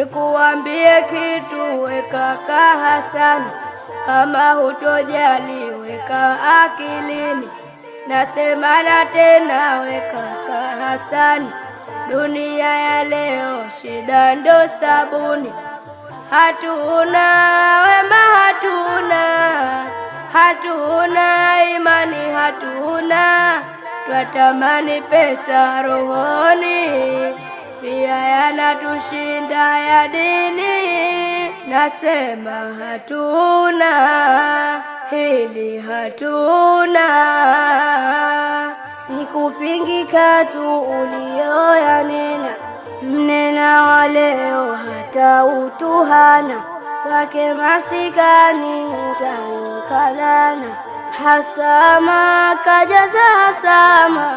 Nikuambie kitu, weka kahasani, kama hutojali weka akilini. Nasemana tena, weka kahasani, dunia ya leo shida ndo sabuni. Hatuna wema, hatuna hatuna imani, hatuna twatamani pesa rohoni yatushinda ya dini, nasema hatuna hili, hatuna sikupingika tu ulioyanena, mnena waleo hata utuhana wake masikani utaukalana, hasama kajaza hasama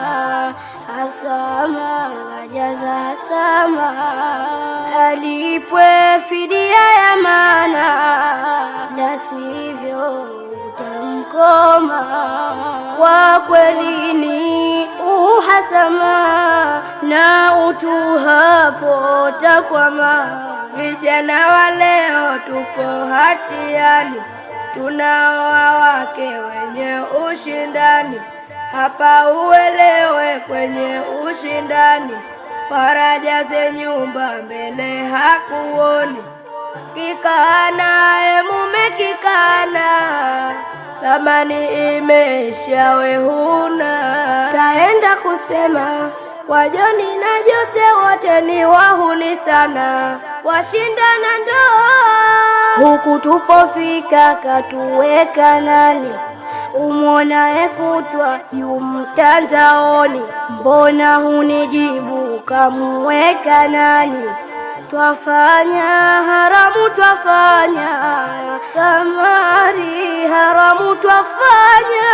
Hasama kajaza hasama, alipwe fidia ya mana la sivyo utamkoma. Kwa kweli ni uhasama, na utu hapo takwama. Vijana wa leo tupo hatiani, tunaoa wake wenye ushindani hapa uelewe kwenye ushindani, faraja ze nyumba mbele hakuoni. kikana naye mume kikana, thamani imeisha, we huna taenda kusema kwa Joni na Jose wote ni wahuni sana, washindana ndoa. Huku tupofika katuweka nani? umona kutwa yumtandaoni mbona hunijibu kamuweka nani? Twafanya haramu twafanya kamari haramu twafanya